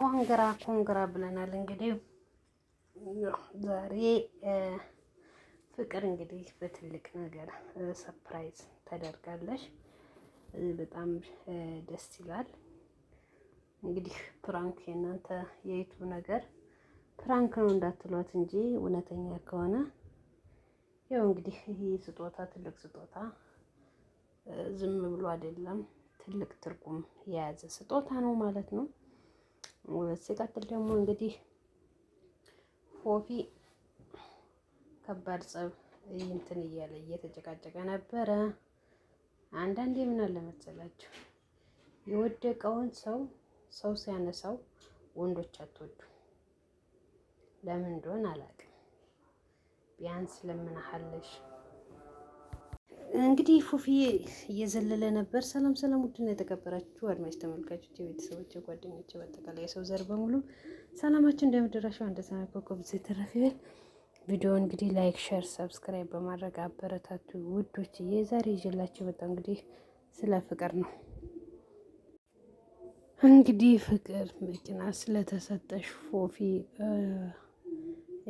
ኮንግራ ኮንግራ ብለናል። እንግዲህ ዛሬ ፍቅር እንግዲህ በትልቅ ነገር ሰርፕራይዝ ተደርጋለሽ። በጣም ደስ ይላል። እንግዲህ ፕራንክ የእናንተ የይቱ ነገር ፕራንክ ነው እንዳትሏት እንጂ እውነተኛ ከሆነ ያው እንግዲህ ይህ ስጦታ ትልቅ ስጦታ ዝም ብሎ አይደለም፣ ትልቅ ትርጉም የያዘ ስጦታ ነው ማለት ነው። ሲቀጥል ደግሞ እንግዲህ ፎፊ ከባድ ጸብ እንትን እያለ እየተጨቃጨቀ ነበረ። አንዳንዴ ምን አለ መሰላችሁ የወደቀውን ሰው ሰው ሲያነሳው ወንዶች አትወዱ። ለምን እንደሆነ አላውቅም። ቢያንስ ለምን አለሽ እንግዲህ ፉፊዬ እየዘለለ ነበር። ሰላም ሰላም! ውድና የተከበራችሁ አድማጭ ተመልካቾች፣ የቤተሰቦች፣ ጓደኞች፣ በአጠቃላይ የሰው ዘር በሙሉ ሰላማችሁ እንደምደራሸው አንድ ሰማይ ኮከብ ተረፍ ይበል። ቪዲዮ እንግዲህ ላይክ፣ ሸር፣ ሰብስክራይብ በማድረግ አበረታቱ ውዶች። የዛሬ ይዤላችሁ በጣም እንግዲህ ስለ ፍቅር ነው። እንግዲህ ፍቅር መኪና ስለተሰጠሽ ፎፊ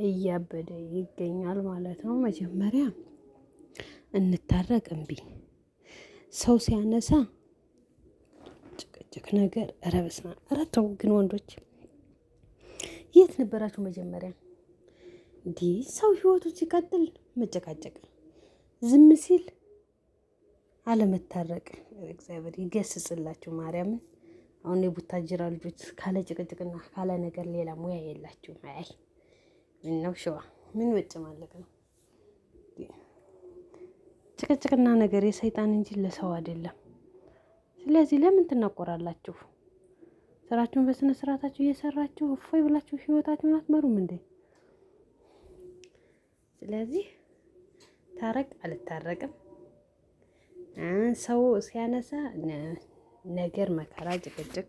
እያበደ ይገኛል ማለት ነው መጀመሪያ እንታረቅ እምቢ። ሰው ሲያነሳ ጭቅጭቅ ነገር ረበስና ረተው። ግን ወንዶች የት ነበራችሁ መጀመሪያ? እንዲህ ሰው ህይወቱ ሲቀጥል መጨቃጨቅ፣ ዝም ሲል አለመታረቅ። እግዚአብሔር ይገስጽላችሁ ማርያምን። አሁን የቡታጅራ ልጆች ካለ ጭቅጭቅና ካለ ነገር ሌላ ሙያ የላችሁም። አይ ነው ሸዋ ምን መጨማለቅ ነው? ጭቅጭቅና ነገር የሰይጣን እንጂ ለሰው አይደለም። ስለዚህ ለምን ትናቆራላችሁ? ስራችሁን በስነ ስርዓታችሁ እየሰራችሁ እፎይ ብላችሁ ህይወታችሁን አትመሩም እንዴ? ስለዚህ ታረቅ አልታረቅም ሰው ሲያነሳ ነገር መከራ፣ ጭቅጭቅ